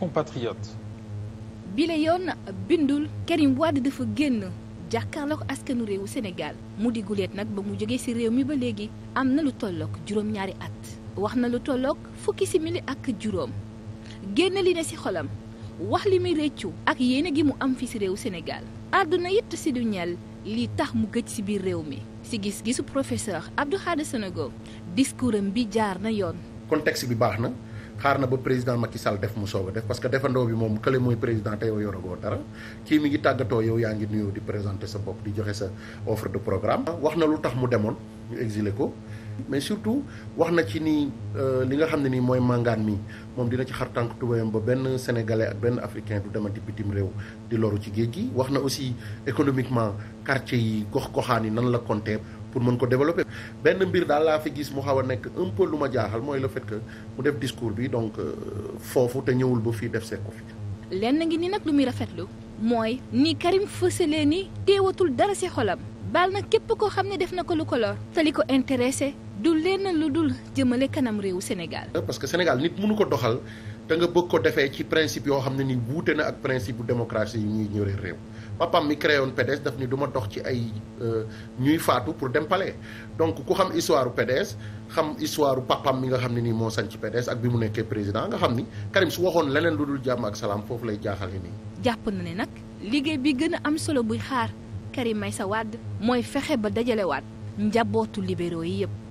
compatriotes. bile yoon bindul Karim Wade dafa génn jàkkaarloog askanu réewu senegaal mu di guleet nag ba mu jógee ci réew mi ba léegi am na lu tollook juróom-ñaari at. wax na lu tolloog fukki simili ak juróom génn li ne ci xolam wax li muy réccu ak yéene gi mu am fi ci réewu senegaal àdduna it ci du ñel lii tax mu gëj ci biir réew mi ci gis-gisu professeur Abdou Khadre Senego discours bi jaar na yoon. contexte bi baax na. xaar na ba président Macky Sall def mu soog a def parce que defandoo bi moom kële mooy président te yow yoragoo dara kii mi ngi tàggatoo yow yaa ngi nuyoo di présenter sa bopp di joxe sa offre de programme. wax na lu tax mu demoon ñu exilé ko mais surtout wax na ci ni euh, li nga xam ne nii mooy màngaan mi moom dina ci xar tànk tubéyam ba benn sénégalais ak benn africain du demati bitim réew di loru ci géej gi. wax na aussi économiquement quartier yi gox goxaan yi nan la compter. pour mën ko développer. benn mbir daal laa fi gis mu xaw a nekk un peu lu ma jaaxal mooy le fait que mu def discours bi donc euh, foofu te ñëwul ba fii def see ko fi. lenn ngi ni nag lu muy rafetlu mooy ni Karim fësalee ni teewatul dara si xolam baal na képp koo xam ne def na ko lu ko lor te ko intéressé. du lenn lu dul jëmale kanam réewu Sénégal. parce que Sénégal nit mënu ko doxal te nga bëgg ko defee ci principe yoo xam ne ni wuute na ak principe bu démocratie yi ñuy ñëwee réew papam mi créé woon PDS daf ni du dox ci ay euh, ñuy faatu pour dem palais donc ku xam histoire PDS xam histoire papam mi nga xam ne nii moo sañ ci PDS ak bi mu nekkee président nga xam ni Karim su waxoon leneen lu dul jàmm ak salaam foofu lay jaaxale nii. jàpp na ne nag liggéey bi gën a am solo buy xaar Karim Meïssa Wade mooy fexe ba dajalewaat njabootu libéraux yi yëpp.